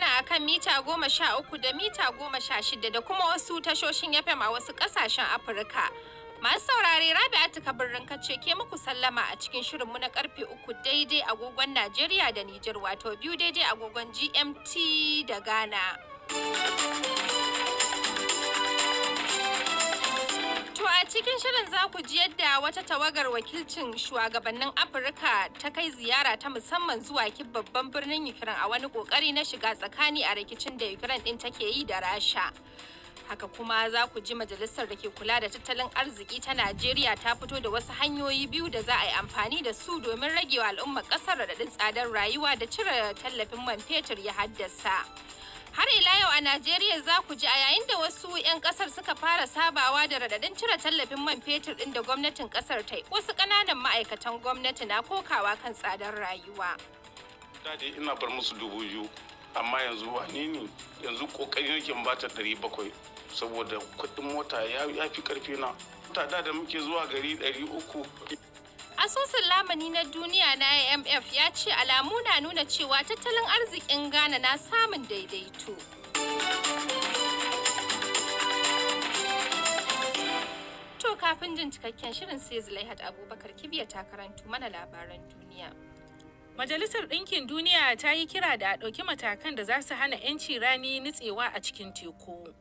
magana kan mita goma sha uku da mita goma sha shida da kuma wasu tashoshin FM a wasu ƙasashen Afirka. Masu saurare Rabi'atu birnin kace ke muku sallama a cikin shirinmu na karfe uku daidai agogon Najeriya da Nijar wato biyu daidai agogon GMT da Ghana. A cikin shirin za ku ji yadda wata tawagar wakilcin shugabannin Afirka ta kai ziyara ta musamman zuwa ki babban birnin Ukraine a wani kokari na shiga tsakani a rikicin da Ukraine din take yi da Rasha. Haka kuma za ku ji majalisar da ke kula da tattalin arziki ta Najeriya ta fito da wasu hanyoyi biyu da za a yi amfani da su domin ragewa al'ummar ƙasar raɗaɗin tsadar rayuwa da cire tallafin man fetur ya haddasa. Har ila yau a Najeriya za ku ji a yayin da wasu 'yan kasar suka fara sabawa da radadin cire tallafin man fetur ɗin da gwamnatin kasar ta yi wasu ƙananan ma'aikatan gwamnati na kokawa kan tsadar rayuwa. Dade ina bar musu dubu biyu amma yanzu wani ne yanzu kokari nake in bata ɗari bakwai saboda kuɗin mota ya fi ƙarfi na. Da da muke zuwa gari ɗari uku. Asusun lamani na duniya na IMF ya ce alamu na nuna cewa tattalin arzikin Ghana na samun daidaito. To kafin jin cikakken shirin sai Zulaihat Abubakar Kibiya ta karantu mana labaran duniya. Majalisar Ɗinkin Duniya ta yi kira da a ɗauki matakan da za su hana 'yanci rani nutsewa a cikin teku.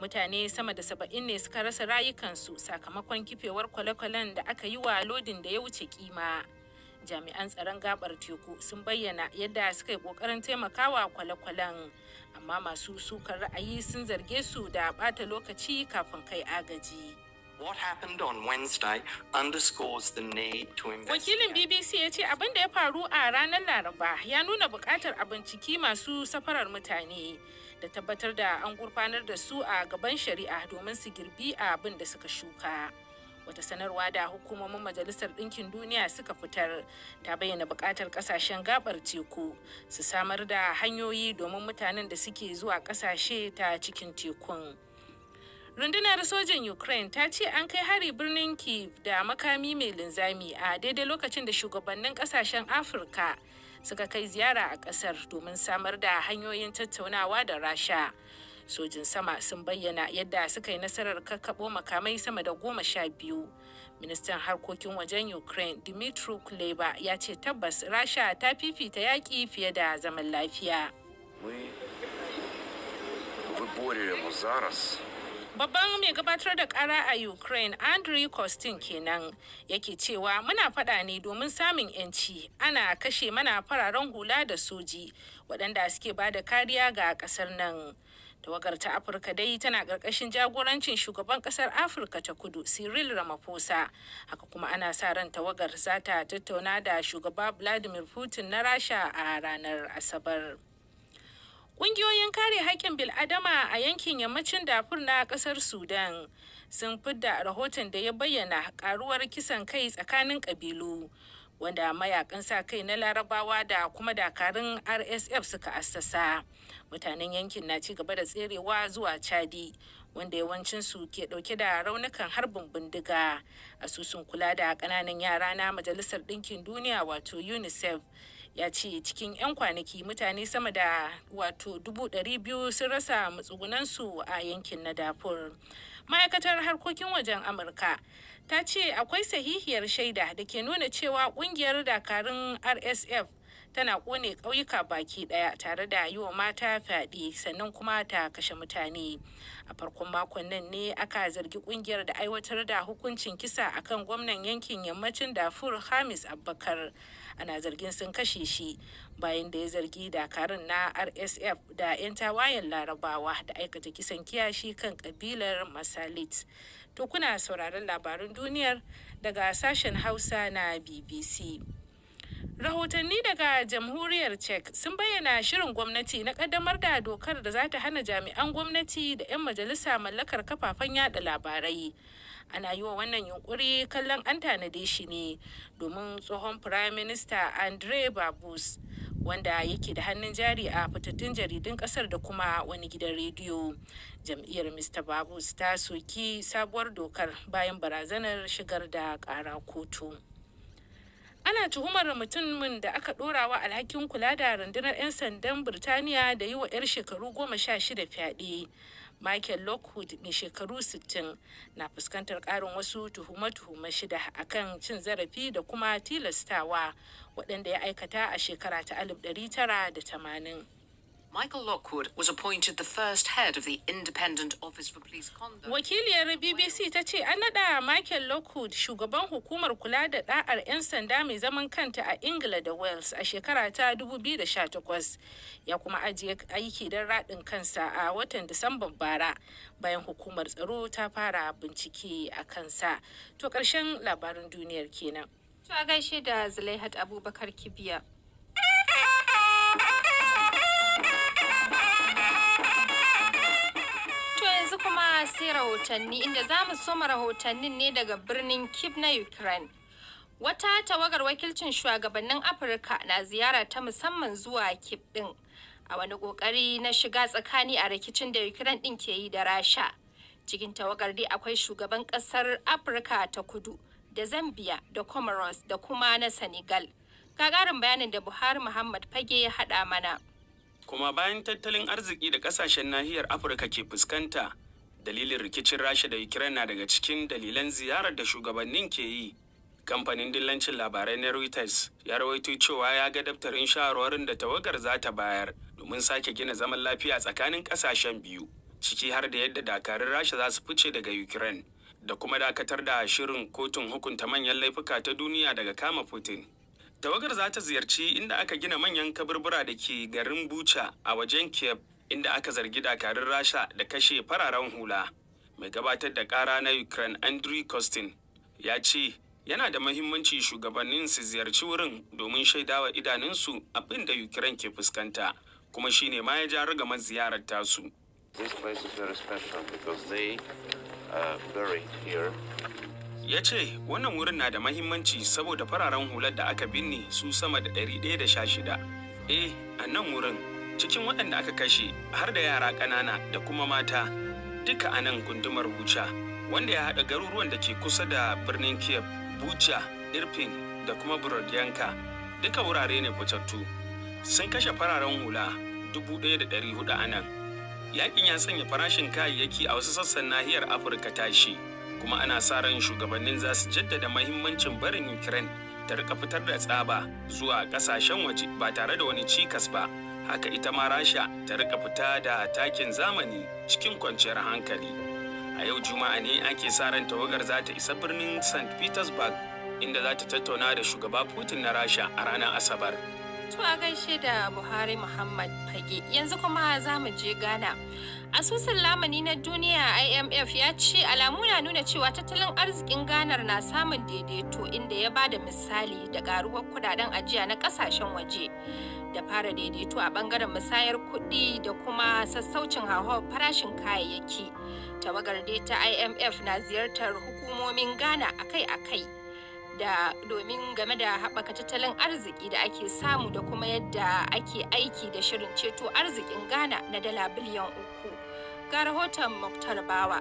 mutane sama da saba'in ne suka rasa rayukansu sakamakon kifewar kwale-kwalen da aka yi wa lodin da ya wuce kima jami'an tsaron gabar teku sun bayyana yadda suka yi kokarin taimakawa kwale-kwalen amma masu sukar ra'ayi sun zarge su da bata lokaci kafin kai agaji. What happened on Wednesday underscores the need to invest. Wakilin BBC ya ce abin da ya faru a ranar Laraba ya nuna bukatar a binciki masu safarar mutane. da tabbatar da an gurfanar da su a gaban shari'a domin su girbi abin da suka shuka. Wata sanarwa da hukumomin Majalisar Ɗinkin Duniya suka fitar ta bayyana buƙatar ƙasashen gabar teku su samar da hanyoyi domin mutanen da suke zuwa ƙasashe ta cikin tekun. rundunar sojan ukraine ta ce an kai hari birnin kiev da makami mai linzami a daidai lokacin da shugabannin ƙasashen afirka suka kai ziyara a ƙasar domin samar da hanyoyin tattaunawa da rasha sojin sama sun bayyana yadda suka yi nasarar kakkaɓo makamai sama da goma sha biyu ministan harkokin wajen ukraine dimitru kuleba ya ce tabbas rasha ta fifita yaƙi fiye da zaman lafiya Babban mai gabatar da kara a Ukraine, Andriy Kostin kenan, yake cewa muna fada ne domin samun 'yanci ana kashe mana fararen hula da soji waɗanda suke ba da kariya ga ƙasar nan. Tawagar ta Afirka dai tana ƙarƙashin jagorancin shugaban ƙasar Afirka ta kudu Cyril Ramaphosa. Haka kuma ana sa ran tawagar za ta tattauna da shugaba Vladimir Putin na Rasha a ranar Asabar. Ƙungiyoyin kare haƙƙin bil'adama a yankin yammacin dafur na ƙasar Sudan sun fidda rahoton da ya bayyana ƙaruwar kisan kai tsakanin ƙabilu wanda mayakan sa kai na larabawa da kuma dakarun RSF suka assasa. Mutanen yankin na ci gaba da tserewa zuwa Chadi wanda yawancin su ke dauke da raunukan harbin bindiga. Asusun kula da ƙananan yara na Majalisar Ɗinkin Duniya wato UNICEF ya ce cikin 'yan kwanaki mutane sama da wato dubu dari biyu sun rasa matsugunansu a yankin na dafur ma'aikatar harkokin wajen amurka ta ce akwai sahihiyar shaida da ke nuna cewa kungiyar dakarun rsf tana kone ƙauyuka baki ɗaya tare da yi wa mata fyaɗe sannan kuma ta kashe mutane a farkon makon nan ne aka zargi ƙungiyar da aiwatar da hukuncin kisa akan gwamnan yankin yammacin dafur hamis abbakar ana zargin sun kashe shi bayan da ya zargi dakarun na rsf da 'yan tawayen larabawa da aikata kisan kiyashi kan kabilar masalit to kuna sauraron labarun duniyar daga sashen hausa na bbc Rahotanni daga Jamhuriyar Czech sun bayyana shirin gwamnati na kaddamar da dokar da za ta hana jami'an gwamnati da 'yan majalisa mallakar kafafen yada labarai. Ana yi wa wannan yunkuri kallon an tanade shi ne domin tsohon Firayim Minista Andre Babus wanda yake da hannun jari a fitattun jaridun kasar da kuma wani gidan rediyo. Jam'iyyar Mr. Babus ta soki sabuwar dokar bayan barazanar shigar da ƙara kotu. ana tuhumar mutumin da aka ɗorawa alhakin kula da rundunar 'yan sandan birtaniya da yi wa 'yar shekaru goma sha shida fyaɗe michael lockwood mai shekaru 60 na fuskantar ƙarin wasu tuhume-tuhume shida a kan cin zarafi da kuma tilastawa waɗanda ya aikata a shekara ta 1980 Michael Lockwood was appointed the first head of the Independent Office for Police Conduct. Wakiliyar BBC ta ce an naɗa Michael Lockwood shugaban hukumar kula da ɗa'ar 'yan sanda mai zaman kanta a Ingila da Wales a shekara ta 2018 ya kuma ajiye aiki don raɗin kansa a watan Disamban bara bayan hukumar tsaro ta fara bincike a kansa. To ƙarshen labarin duniyar kenan. ta gaishe da Zulaihat Abubakar Kibiya. kuma sai rahotanni inda za mu soma rahotannin ne daga birnin Kiev na Ukraine. Wata tawagar wakilcin shugabannin Afirka na ziyara ta musamman zuwa Kiev ɗin a wani kokari na shiga tsakani a rikicin da Ukraine ɗin ke yi da Rasha. Cikin tawagar dai akwai shugaban ƙasar Afirka ta kudu da Zambia da Comoros da kuma na Senegal. Ga bayanin da Buhari Muhammad Fage ya haɗa mana. kuma bayan tattalin arziki da kasashen nahiyar afirka ke fuskanta dalilin rikicin rasha da ukraine na daga cikin dalilan ziyarar da shugabannin ke yi kamfanin dillancin labarai na reuters ya rawaito cewa ya ga daftarin shawarwarin da tawagar za ta bayar domin sake gina zaman lafiya tsakanin kasashen biyu ciki har da yadda dakarun rasha za su fice daga ukraine da kuma dakatar da shirin kotun hukunta manyan laifuka ta duniya daga kama putin tawagar za ta ziyarci inda aka gina manyan kaburbura da ke garin bucha a wajen kiev inda aka zargi dakarun rasha da kashe fararen hula mai gabatar da kara na ukraine andrew costin ya ce yana da mahimmanci shugabannin su ziyarci wurin domin shaidawa idanunsu abin da ukraine ke fuskanta kuma shine ma ya ja ragamar ziyarar tasu uh, ya ce wannan wurin na da mahimmanci saboda fararen hular da aka binne su sama da 116 eh a nan wurin cikin waɗanda aka kashe har da yara ƙanana da kuma mata duka a nan gundumar bucha wanda ya haɗa garuruwan da ke kusa da birnin kiev bucha irpin da kuma burodyanka duka wurare ne fitattu sun kashe fararen hula dubu ɗaya da 1,400 a nan yakin ya sanya farashin kayayyaki a wasu sassan nahiyar afirka tashi kuma ana sa ran shugabannin za su jaddada mahimmancin barin ukraine ta rika fitar da tsaba zuwa ƙasashen waje ba tare da wani cikas ba haka ita ma rasha ta rika fita da takin zamani cikin kwanciyar hankali a yau juma'a ne ake sa ran tawagar za ta isa birnin st petersburg inda za ta tattauna da shugaba putin na rasha a ranar asabar to a gaishe da buhari muhammad fage yanzu kuma za mu je ghana asusun lamani na duniya imf ya ce alamu na nuna cewa tattalin arzikin ganar na samun daidaito inda ya bada misali da karuwar kudaden ajiya na kasashen waje da fara daidaito a bangaren musayar kuɗi da kuma sassaucin hauhawar farashin kayayyaki tawagar ta imf na ziyartar hukumomin ghana akai-akai da domin game da haɓaka tattalin arziki da ake samu da kuma yadda ake aiki da shirin ceto arzikin ghana na dala biliyan uku ga rahoton muktar bawa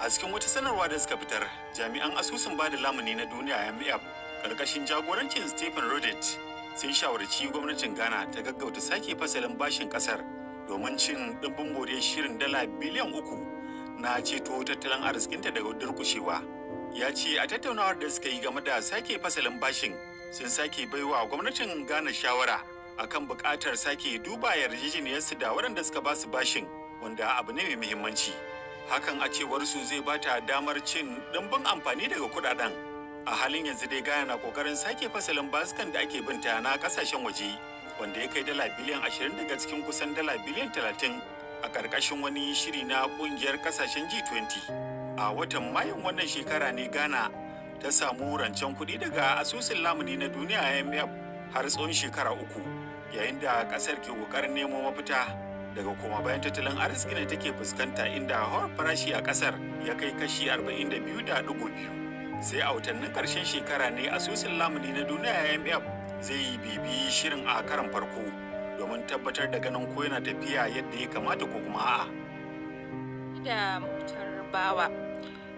a cikin wata sanarwa da suka fitar jami'an asusun bada lamuni na duniya imf ƙarƙashin jagorancin stephen rodit sun shawarci gwamnatin ghana ta gaggauta sake fasalin bashin kasar domin cin ɗimbin moriyar shirin dala biliyan uku na ceto tattalin arzikinta daga durkushewa ya ce a tattaunawar da suka yi game da sake fasalin bashin sun sake baiwa gwamnatin ghana shawara akan buƙatar sake duba yarjejeniyarsu da waɗanda suka ba su bashin wanda abu ne mai muhimmanci hakan a cewarsu zai bata damar cin ɗimbin amfani daga kuɗaɗen a halin yanzu dai ghana na kokarin sake fasalin baskan da ake binta na kasashen waje wanda ya kai dala biliyan 20 daga cikin kusan dala biliyan talatin a ƙarƙashin wani shiri na ƙungiyar kasashen g20 a watan mayun wannan shekara ne ghana ta samu rancen kuɗi daga asusun lamuni na duniya imf har tsawon shekara uku yayin da ƙasar ke ƙoƙarin nemo mafita daga koma bayan tattalin arziki da take fuskanta inda hawar farashi a ƙasar ya kai kashi 42.2 sai a watannin karshen shekara ne asusun lamuni na duniya imf zai yi bibi shirin a karan farko domin tabbatar da ganin ko yana tafiya yadda ya kamata ko kuma a'a.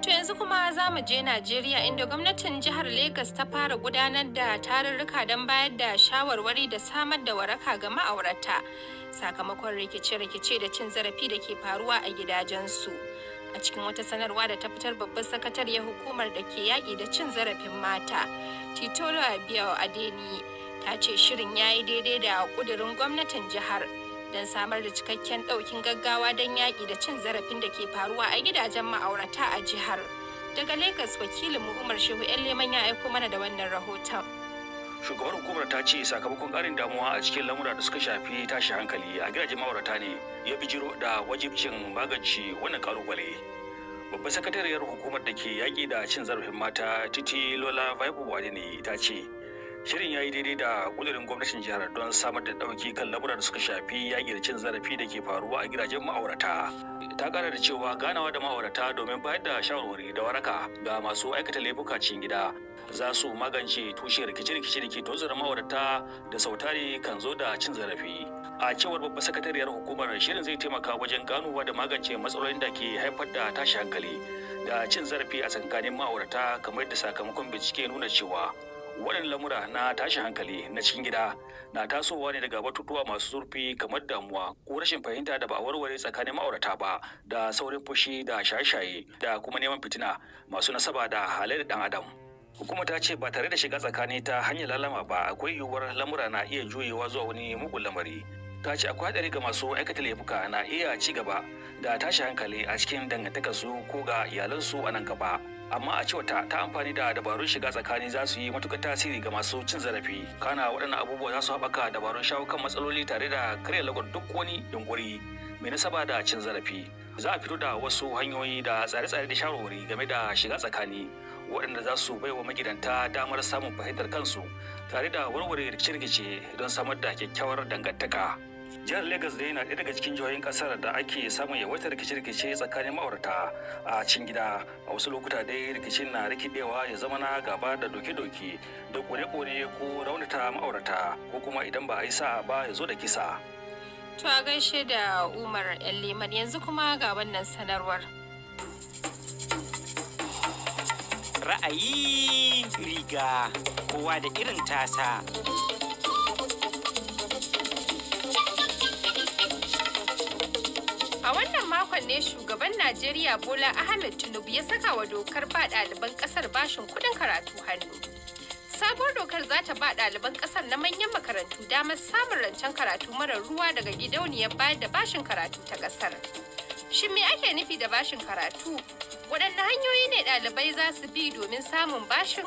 to yanzu kuma za mu je najeriya inda gwamnatin jihar lagos ta fara gudanar da tarurruka don bayar da shawarwari da samar da waraka ga ma'aurata sakamakon rikice-rikice da cin zarafi da ke faruwa a gidajensu. su a cikin wata sanarwa da ta fitar babbar sakatariyar hukumar da ke yaƙi da cin zarafin mata titolo abiyawa adeni ta ce shirin ya yi daidai da ƙudurin gwamnatin jihar don samar da cikakken ɗaukin gaggawa don yaƙi da cin zarafin da ke faruwa a gidajen ma'aurata a jihar daga lagos wakilin mu umar shehu yan leman ya aiko mana da wannan rahoton shugabar hukumar ta ce sakamakon karin damuwa a cikin lamura da suka shafi tashi hankali a gidajen ma'aurata ne ya bijiro da wajibcin magance wannan kalubale babban sakatariyar hukumar da ke yaƙi da cin zarafin mata titi lola vaibu ne ta ce shirin ya yi daidai da kudurin gwamnatin jihar don samar da dauki kan lamura da suka shafi yaƙi da cin zarafi da ke faruwa a gidajen ma'aurata ta ƙara da cewa ganawa da ma'aurata domin bayar da shawarwari da waraka ga masu aikata laifuka cikin gida za su magance tushe rikice-rikice da ke tozar mawarta da sautari kan zo da cin zarafi a cewar babban sakatariyar hukumar shirin zai taimaka wajen ganowa da magance matsalolin da ke haifar da tashi hankali da cin zarafi a tsakanin ma'aurata kamar yadda sakamakon bincike nuna cewa waɗannan lamura na tashi hankali na cikin gida na tasowa ne daga batutuwa masu zurfi kamar damuwa ko rashin fahimta da ba warware tsakanin ma'aurata ba da saurin fushi da shaye-shaye da kuma neman fitina masu nasaba da halayyar ɗan adam. Hukuma ta ce ba tare da shiga tsakani ta hanyar lalama ba akwai yiwuwar lamura na iya juyewa zuwa wani mugun lamari. Ta ce akwai haɗari ga masu aikata laifuka na iya ci gaba da tashi hankali a cikin dangantakarsu ko ga iyalansu a nan gaba. Amma a cewa ta amfani da dabarun shiga tsakani za su yi matuƙar tasiri ga masu cin zarafi. Kana waɗannan abubuwa za su haɓaka dabarun shawo kan matsaloli tare da karya lagos duk wani yunƙuri mai nasaba da cin zarafi. Za a fito da wasu hanyoyi da tsare-tsare da shawarwari game da shiga tsakani. waɗanda za su baiwa magidanta damar samun fahimtar kansu tare da warware rikice-rikice don samar da kyakkyawar dangantaka. jihar lagos dai na ɗaya daga cikin jihohin ƙasar da ake samun yawaitar rikice-rikice tsakanin ma'aurata a cikin gida a wasu lokuta dai rikicin na rikidewa ya zama na gaba da doke-doke da kore-kore ko raunata ma'aurata ko kuma idan ba a yi sa ba ya zo da kisa. to a gaishe da umar yan liman yanzu kuma ga wannan sanarwar. ra'ayi riga kowa da irin tasa A wannan makon ne shugaban Najeriya Bola Ahmed Tinubu ya saka wa dokar ba ɗaliban ƙasar bashin kuɗin karatu hannu. Sabuwar dokar za ta ba ɗaliban ƙasar na manyan makarantu damar samun rancen karatu marar ruwa daga gidauniyar bayar da bashin karatu ta ƙasar. Shin me ake nufi da bashin karatu? waɗanne hanyoyi ne ɗalibai za su bi domin samun bashin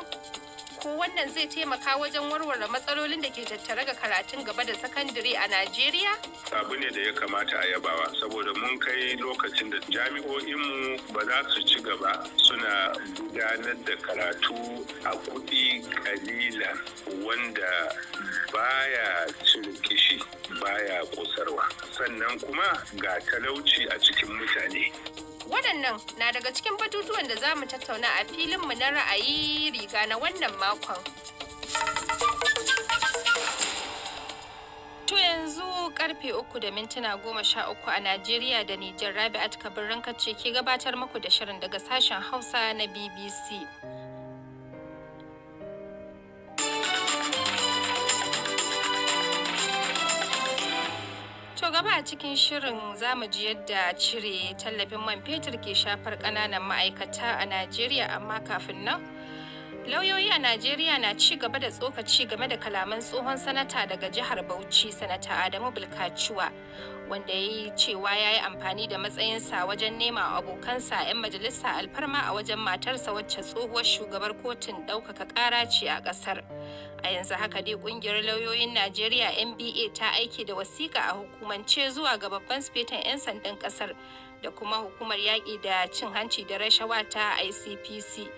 ko wannan zai taimaka wajen warware matsalolin da ke tattare ga karatun gaba da sakandare a Najeriya? Abu ne da ya kamata a yabawa saboda mun kai lokacin da jami'o'inmu ba za su ci gaba suna gudanar da karatu a kuɗi kalila wanda baya cin kishi baya kosarwa sannan kuma ga talauci a cikin mutane. waɗannan na daga cikin batutuwan da za mu tattauna a filin mu na ra'ayi riga na wannan makon to yanzu karfe uku da mintuna goma sha uku a najeriya da nijar rabi'at kabirin ce ke gabatar muku da shirin daga sashen hausa na bbc To gaba a cikin shirin zamu ji yadda cire tallafin man fetur ke shafar ƙananan ma'aikata a Najeriya amma kafin nan lauyoyi a najeriya na ci gaba da tsokaci game da kalaman tsohon sanata daga jihar bauchi sanata adamu bulkaciwa wanda ya yi cewa ya yi amfani da matsayinsa wajen nema abokansa 'yan majalisa alfarma a wajen matarsa wacce tsohuwar shugabar kotun ɗaukaka ƙara ce a ƙasar a yanzu haka dai ƙungiyar lauyoyin najeriya nba ta aiki da wasiƙa a hukumance zuwa ga babban sfetan 'yan sandan ƙasar da kuma hukumar yaƙi da cin hanci da rashawa ta icpc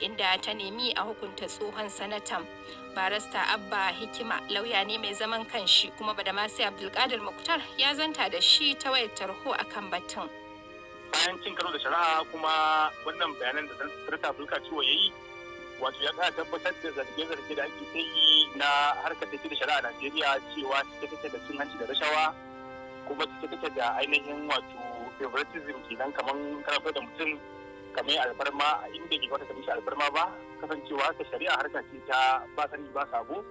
inda ta nemi a hukunta tsohon sanatan barista abba hikima lauya ne mai zaman kanshi kuma badamasi abdulkadir muktar ya zanta da shi ta wayar tarho akan batun bayan cin karo da shari'a kuma wannan bayanan da sanata abdulka ciwo ya yi wato ya kara tabbatar da zarge-zarge da ake ta yi na harkar ke da shari'a a najeriya cewa cike take da cin hanci da rashawa kuma cike take da ainihin wato favoritism kenan kamar kana so da mutum kamar alfarma a inda ke kwata kamar alfarma ba kasancewa ta shari'a harka ce ta ba sani ba sabo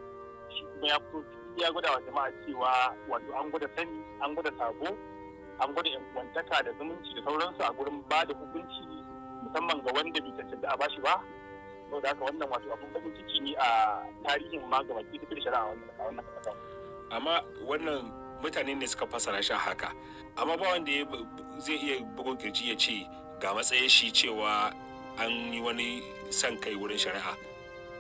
shi kuma ya fito ya gwada wa jama'a cewa wato an gwada sani an gwada sabo an gwada yankwantaka da zumunci da sauransu a gurin ba da hukunci musamman ga wanda bai cancanta a bashi ba saboda haka wannan wato abun bakin ciki ne a tarihin ma duk da shari'a wannan kasa amma wannan mutane ne suka fassara shi haka amma ba wanda zai iya bugun kirji ya ce ga matsayin shi cewa an yi wani san kai wurin shari'a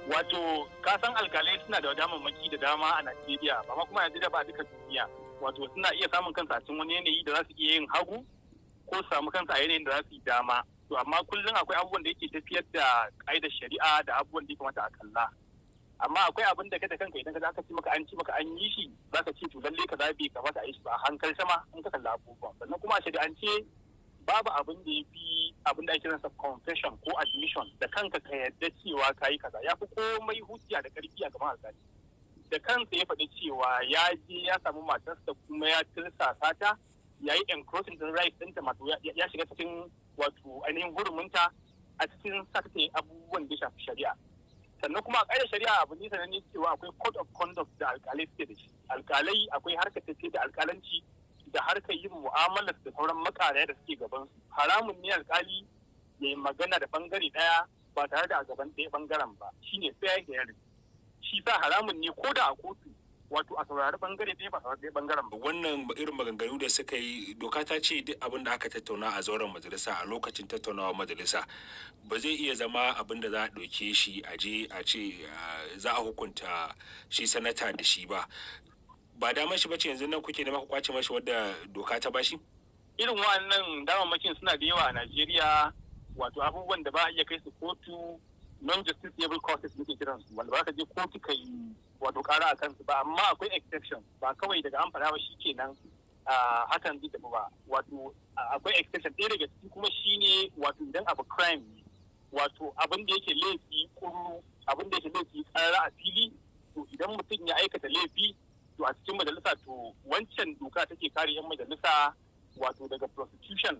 wato kasan alkalai suna da damammaki da dama a najeriya amma kuma yanzu da ba duka duniya wato suna iya samun kansa a cikin wani yanayi da za su iya yin hagu ko su samu kansa a yanayin da za su yi dama to amma kullum akwai abubuwan da yake tafiyar da ƙa'idar shari'a da abubuwan da ya kamata a kalla amma akwai abin da kada kanka idan ka aka ci maka an ci maka an yi shi za ka ce to lalle ka zabe ka fata a yi shi ba hankali sama in ka kalla abubuwan sannan kuma a ce babu abin da ya fi abin da ake kiransa confession ko admission da kanka ka yarda cewa ka yi kaza ya fi komai hujja da karfi a gaban alƙali da kansa ya faɗi cewa ya je ya samu matarsa kuma ya tirsasa ta ya yi encroaching the right ɗinta mato ya shiga cikin wato ainihin hurumunta a cikin sa abubuwan da shafi shari'a sannan kuma a ƙa'idar shari'a abu ne sananne cewa akwai code of conduct da alƙalai suke da shi alƙalai akwai harkar tafiye da alƙalanci da harkar yin mu'amalar da sauran makaraya da suke gaban su haramun ne alƙali ya yi magana da bangare ɗaya ba tare da a gaban ɗaya bangaren ba shine da hearing shi sa haramun ne ko da a kotu wato a saurari bangare biyu ba saurari bangaren ba wannan irin maganganu da suka yi doka ta ce duk abin da aka tattauna a zauren majalisa a lokacin tattaunawa majalisa ba zai iya zama abin da za a ɗauke shi a je a ce za a hukunta shi sanata da shi ba ba damar shi bace yanzu nan kuke nema ku kwace mashi wadda doka ta bashi irin wa'annan damammakin suna da yawa a Najeriya wato abubuwan da ba a iya kai su kotu non justiciable causes muke kiran su wanda ba ka je kotu kai wato kara a kansu ba amma akwai exception ba kawai daga an fara ba shikenan hakan zai tafi ba wato akwai exception ɗaya daga ciki kuma shine wato idan abu crime ne wato abin da yake laifi kuru abin da yake laifi tsara a fili to idan mutum ya aikata laifi to a cikin majalisa to wancan doka take kare yan majalisa wato daga prosecution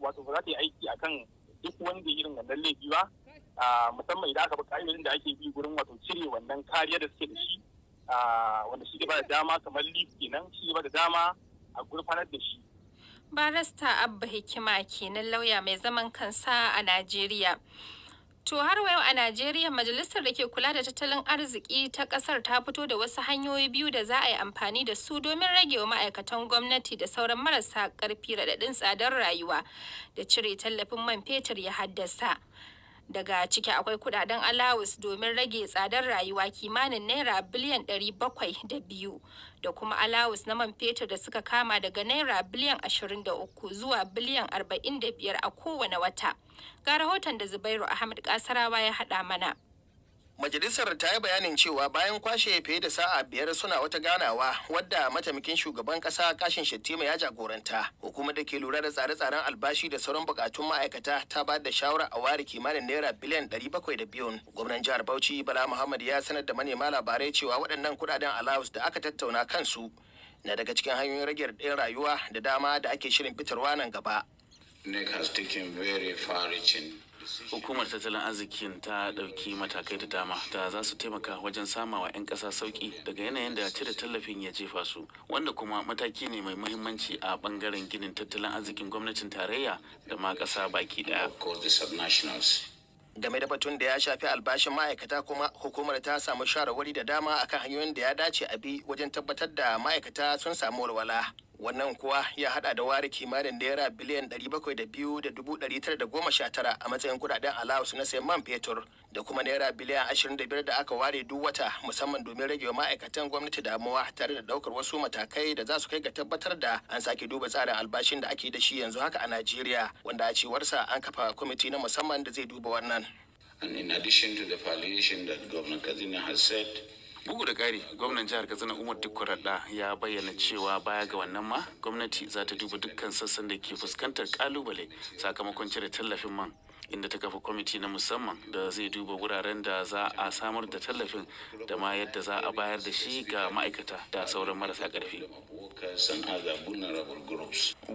wato ba za ta yi aiki akan duk wanda irin wannan laifi ba musamman idan aka bi ƙa'idodin da ake bi gurin wato cire wannan kariya da suke da shi wanda shi ba da dama kamar leaf kenan shi ba da dama a gurfanar da shi barista abba hikima kenan lauya mai zaman kansa a najeriya To har wayo a Najeriya majalisar da ke kula da tattalin arziki ta kasar ta fito da wasu hanyoyi biyu da za a yi amfani da su domin rage wa ma'aikatan gwamnati da sauran marasa karfi raɗaɗin tsadar rayuwa da cire tallafin man fetur ya haddasa. daga ciki akwai kudaden alawus domin rage tsadar rayuwa kimanin naira biliyan bakwai da biyu da kuma alawus na man fetur da suka kama daga naira biliyan ashirin da uku zuwa biliyan arba'in da biyar a kowane wata ga rahoton da zubairu ahmad kasarawa ya hada mana Majalisar ta yi bayanin cewa bayan kwashe fiye da sa'a biyar suna wata ganawa wadda mataimakin shugaban kasa kashin Shattima ya jagoranta. Hukumar da ke lura da tsare-tsaren albashi da sauran bukatun ma'aikata ta ba da shawara a ware kimanin naira biliyan ɗari bakwai da biyun. Gwamnan jihar Bauchi Bala Muhammad ya sanar da manema labarai cewa waɗannan kuɗaɗen allowance da aka tattauna kansu na daga cikin hanyoyin rage ɗin rayuwa da dama da ake shirin fitarwa nan gaba. NEC has taken very far-reaching hukumar tattalin arzikin ta dauki matakai da dama da za su taimaka wajen samawa 'yan kasa sauki daga yanayin da cire tallafin ya jefa su wanda kuma mataki ne mai mahimmanci a bangaren ginin tattalin arzikin gwamnatin tarayya da ma kasa baki ɗaya game da batun da ya shafi albashin ma'aikata kuma hukumar ta samu shawarwari da dama akan hanyoyin da ya dace a bi wajen tabbatar da ma'aikata sun samu walwala. wannan kuwa ya hada da ware kimanin naira biliyan tara a matsayin kudaden allowance na sayan man fetur da kuma naira biliyan 25 da aka ware duk wata musamman domin rage wa ma'aikatan gwamnati damuwa tare da daukar wasu matakai da za su kai ga tabbatar da an sake duba tsarin albashin da ake da shi yanzu haka a najeriya wanda a cewarsa an kafa kwamiti na musamman da zai duba wannan And in addition to the that Governor Kazina has said, bugu da ƙari gwamnan jihar katsina umar dukkuraɗa ya bayyana cewa baya ga wannan ma gwamnati za ta duba dukkan sassan da ke fuskantar ƙalubale sakamakon cire tallafin man inda ta kafa kwamiti na musamman da zai duba wuraren da za a samar da tallafin da ma yadda za a bayar da shi ga ma'aikata da sauran marasa ƙarfi.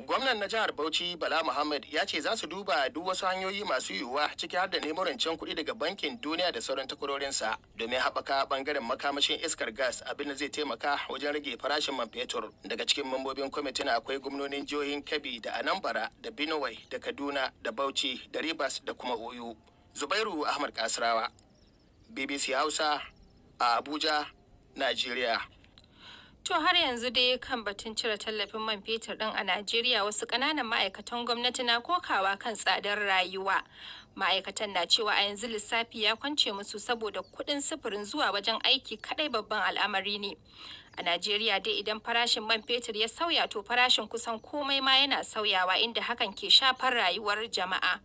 Gwamnan na jihar Bauchi Bala Muhammad ya ce za su duba duk wasu hanyoyi masu yiwuwa ciki har da neman rancen kuɗi daga bankin duniya da sauran takwarorinsa domin haɓaka ɓangaren makamashin iskar gas abin da zai taimaka wajen rage farashin man fetur. Daga cikin mambobin kwamitin akwai gwamnonin jihohin Kebbi da Anambra da Benue da Kaduna da Bauchi da Rivers da kuma oyo zubairu ahmad kasarawa bbc hausa a abuja nigeria To har yanzu dai kan batun cire tallafin man fetur din a Najeriya wasu ƙananan ma'aikatan gwamnati na kokawa kan tsadar rayuwa. ma'aikatan na cewa a yanzu lissafi ya kwance musu saboda kuɗin sufurin zuwa wajen aiki kaɗai babban al'amari ne a najeriya dai idan farashin man fetur ya sauya to farashin kusan komai ma yana sauyawa inda hakan ke shafar rayuwar jama'a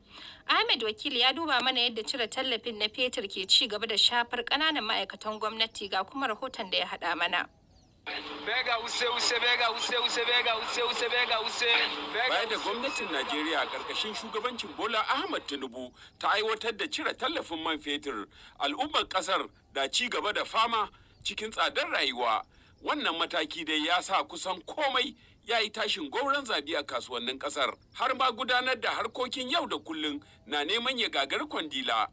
ahmed wakil ya duba mana yadda cire tallafin na fetur ke ci gaba da shafar ƙananan ma'aikatan gwamnati ga kuma rahoton da ya haɗa mana Bega use use bega use use bega use use bega use. Baya da gwamnatin Najeriya karkashin shugabancin Bola Ahmad Tinubu ta aiwatar da cire tallafin man fetur, al'ummar kasar da ci gaba da fama cikin tsadar rayuwa. Wannan mataki dai ya sa kusan komai ya yi tashin gauran zabi a kasuwannin kasar har ma gudanar da harkokin yau da kullun na neman ya gagar kwandila.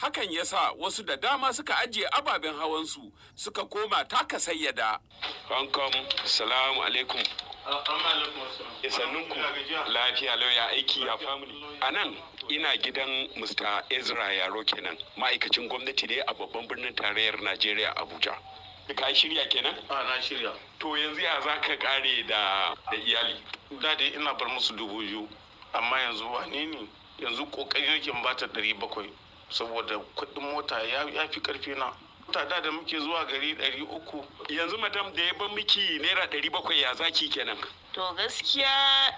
hakan ya sa wasu da dama suka ajiye ababen hawansu suka koma taka sayyada. Bankom, salamu alaikum. Eh, sannunku lafiya lauya aiki ya family. A nan ina gidan Mr. Ezra Yaro kenan ma'aikacin gwamnati ne a babban birnin tarayyar Najeriya Abuja. Ka shirya kenan? A na shirya. To yanzu ya za ka kare da iyali? Dade ina bar musu dubu biyu amma yanzu wane ne? Yanzu kokarin yake ba ta ɗari bakwai. saboda kuɗin mota ya fi karfi na mota da da muke zuwa gari ɗari uku yanzu madam da ya ban miki naira ɗari bakwai ya zaki kenan to gaskiya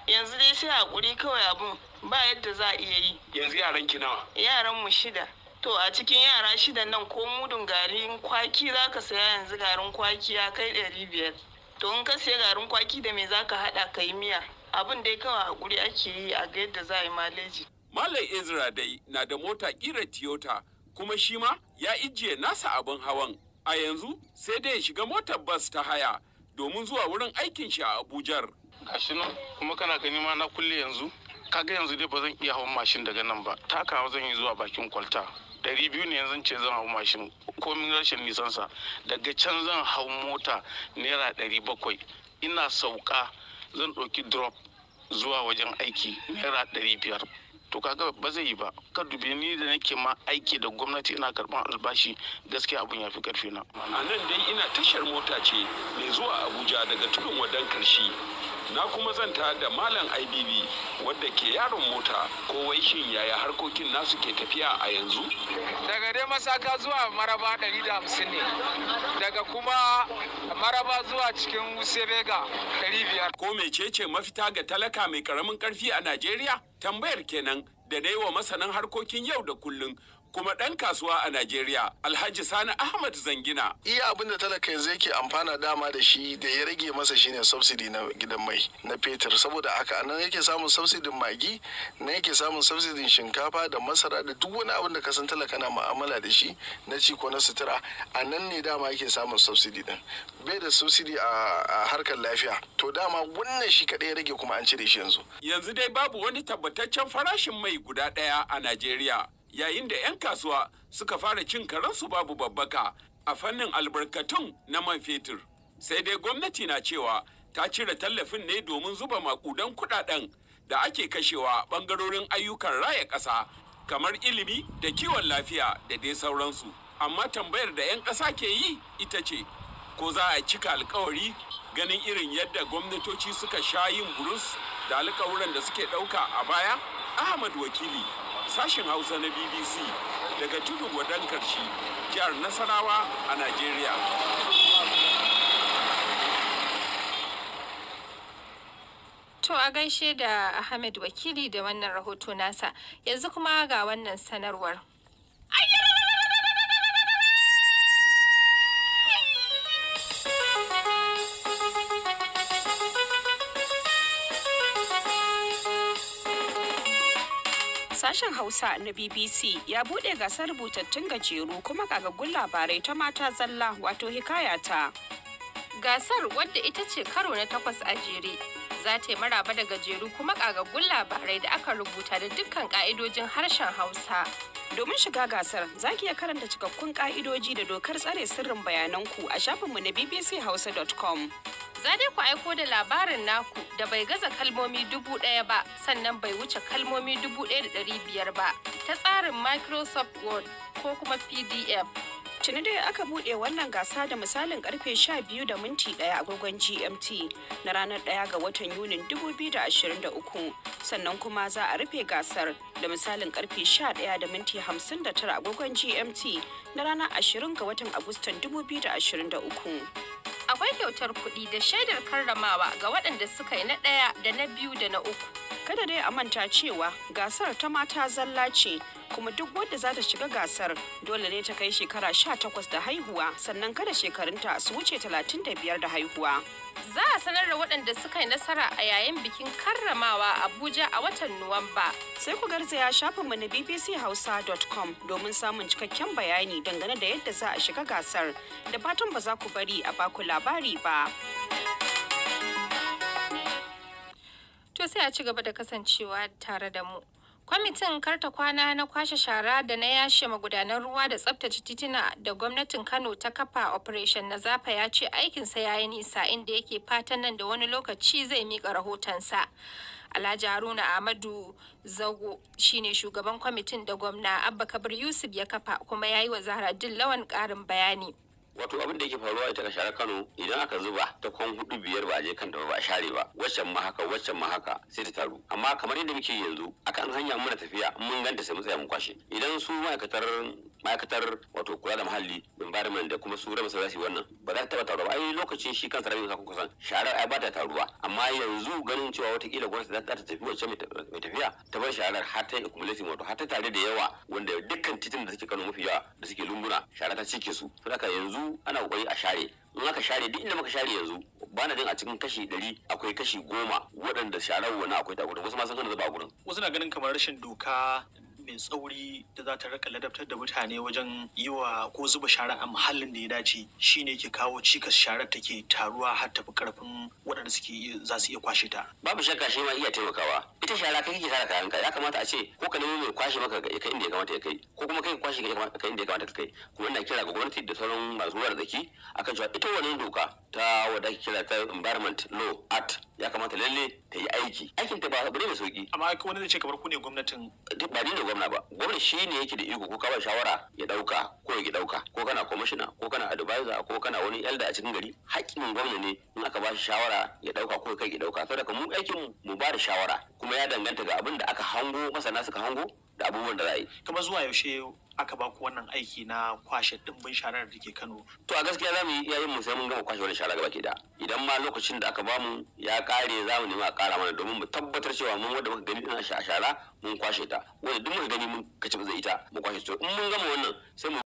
yanzu dai sai hakuri kawai abun ba yadda za a iya yi yanzu yaran ki nawa yaran mu shida to a cikin yara shidan nan ko mudun garin kwaki za ka saya yanzu garin kwaki ya kai ɗari biyar to in ka saya garin kwaki da me za ka haɗa ka yi miya abin dai kawai hakuri ake yi a ga yadda za a yi maleji Malam Ezra dai na da mota ƙira Toyota kuma shi ma ya ijiye nasa abin hawan. A yanzu sai dai ya shiga motar bas ta haya domin zuwa wurin aikin shi a abuja. Gashi nan kuma kana gani ma na kulle yanzu. Kaga yanzu dai ba zan iya hawan mashin daga nan ba. Takawa zan yi zuwa bakin kwalta. Dari biyu ne yanzu ce zan hau mashin komin rashin nisansa. Daga can zan hau mota naira ɗari bakwai. Ina sauka zan ɗauki drop zuwa wajen aiki naira ɗari biyar. to kaga ba zai yi ba kar dubi ni da nake ma aiki da gwamnati ina karban albashi gaskiya abun ya fi karfi na a nan dai ina tashar mota ce mai zuwa abuja daga tudun wadan karshe na kuma zan ta da malam ibb wadda ke yaron mota ko wai shin yaya harkokin nasu ke tafiya a yanzu daga dai masaka zuwa maraba 150 ne daga kuma maraba zuwa cikin sebega 500 ko mecece mafita ga talaka mai karamin karfi a najeriya tambayar kenan da dai wa masanin harkokin yau da kullum kuma ɗan kasuwa a Najeriya Alhaji Sani Ahmad Zangina. Iya abin da talaka yanzu yake amfana dama da shi da ya rage masa shine subsidy na gidan mai na fetur saboda haka nan yake samun subsidin magi na yake samun subsidin shinkafa da masara da duk wani abin da ka san talaka na mu'amala da shi na ci ko na sutura anan ne dama yake samun subsidy din bai da subsidy a harkar lafiya to dama wannan shi kaɗai ya rage kuma an cire shi yanzu. Yanzu dai babu wani tabbataccen farashin mai guda ɗaya a Najeriya. yayin da 'yan kasuwa suka fara cin karansu babu babbaka a fannin albarkatun na man fetur. Sai dai gwamnati na cewa ta cire tallafin ne domin zuba makudan kudaden da ake kashewa bangarorin ayyukan raya ƙasa kamar ilimi da kiwon lafiya da dai sauransu. Amma tambayar da 'yan ƙasa ke yi ita ce, ko za a cika alkawari ganin irin yadda gwamnatoci suka sha yin burus da alkawuran da suke ɗauka a baya? Ahmad Wakili sashen hausa na bbc daga tudu gwadon karshe jihar nasarawa a najeriya To a gaishe da Ahmed wakili da wannan rahoto nasa yanzu kuma ga wannan sanarwar. Sashen Hausa na BBC ya buɗe gasar rubutattun gajeru kuma gagagun labarai ta mata zalla wato hikayata. Gasar wadda ita ce karo na takwas a jere za ta yi maraba da gajeru kuma ƙagaggun labarai da aka rubuta da dukkan ƙa'idojin harshen Hausa. Domin shiga gasar, za ki iya karanta cikakkun ƙa'idoji da dokar tsare sirrin bayananku a shafinmu na bbchausa.com. Za dai ku aiko da labarin naku da bai gaza kalmomi dubu ɗaya ba, sannan bai wuce kalmomi dubu ɗaya da ɗari biyar ba, ta tsarin Microsoft Word ko kuma PDF. tuni dai aka buɗe wannan gasa da misalin karfe 12 da minti ɗaya agogon gmt na ranar ɗaya ga watan yunin 2023 sannan kuma za a rufe gasar da misalin karfe 11 da minti 59 agogon gmt na ranar 20 ga watan agustan 2023 akwai kyautar kuɗi da shaidar karramawa ga waɗanda suka yi na ɗaya da na biyu da na uku kada dai a manta cewa gasar ta mata zalla ce kuma duk wadda za ta shiga gasar dole ne ta kai shekara sha takwas da haihuwa sannan kada shekarunta su wuce talatin da biyar da haihuwa. Za a sanar da waɗanda suka yi nasara a yayin bikin karramawa Abuja a watan Nuwamba. Sai ku garzaya shafinmu na bbchausa.com domin samun cikakken bayani dangane da yadda za a shiga gasar. Da fatan ba za ku bari a baku labari ba. To sai a ci gaba da kasancewa tare da mu. Kwamitin karta kwana na kwashe shara da na yashe magudanan ruwa da tsabtace tituna da gwamnatin Kano ta kafa Operation na zafa ya ce aikinsa ya yi nisa inda yake fatan nan da wani lokaci zai miƙa rahotonsa. Alhaji Haruna Ahmadu Zago shine shugaban kwamitin da gwamna Abba Kabir Yusuf ya kafa kuma ya yi wa Zahra Dillawan ƙarin bayani. wato abin da yake faruwa ita ka share kano idan aka zuba ta kwan hudu biyar ba a je kanta ba a share ba waccan ma haka waccan ma haka sai ta taru amma kamar yadda muke yanzu akan hanya muna tafiya mun ganta sai mu tsaya mu kwashe idan su ma'aikatar ma'aikatar wato kula da muhalli environment da kuma su rabu za yi wannan ba za ta taba taruwa ai lokacin shi kansa rabin sakon kusan sharar ai ba ta taruwa amma yanzu ganin cewa kila gwamnati za ta tafi wacce mai tafiya ta bar sharar har ta accumulating wato har ta tare da yawa wanda dukkan titin da suke kano mafi yawa da suke lunguna shara ta cike su saboda yanzu ana kokari a share in aka share duk inda muka share yanzu ba na jin a cikin kashi ɗari akwai kashi goma waɗanda sharar wani akwai ta wasu ma sun da zuba a gurin wasu na ganin kamar rashin doka mai tsauri da za ta rika ladabtar da mutane wajen yi wa ko zuba shara a muhallin da ya dace shine ke kawo cikas sharar ke taruwa har tafi karfin waɗanda suke za su iya kwashe ta. Babu shakka shi ma iya taimakawa. ta shara kai kike tara kayan ka ya kamata a ce ko ka nemo mai kwashe maka ka inda ya kamata ya kai ko kuma kai kwashe ka inda ya kamata ka kai kuma ina kira ga gwamnati da sauran masu ruwa zaki akan cewa ita wannan doka ta wadda ake kira ta environment law act ya kamata lalle ta yi aiki aikin ta ba ba ne mai sauki amma kai wani zai ce kamar ku ne gwamnatin ba ni ne gwamna ba gwamna shi ne yake da iko ko ka ba shawara ya dauka ko ya dauka ko kana commissioner ko kana advisor ko kana wani elder a cikin gari haƙƙin gwamna ne in aka ba shi shawara ya dauka ko kai ya dauka saboda kuma mu aikin mu ba da shawara kuma ya danganta ga abin da aka hango masana suka hango da abubuwan da za yi kamar zuwa yaushe aka ba ku wannan aiki na kwashe dimbin sharar da ke Kano to a gaskiya zamu yi yayin mu sai mun gama kwashe wannan shara gaba ke da idan ma lokacin da aka bamu ya kare za mu nemi a kara mana domin mu tabbatar cewa mun wanda muka gani a shara mun kwashe ta wanda duk muka gani mun kace zai ita mu kwashe to in mun gama wannan sai mu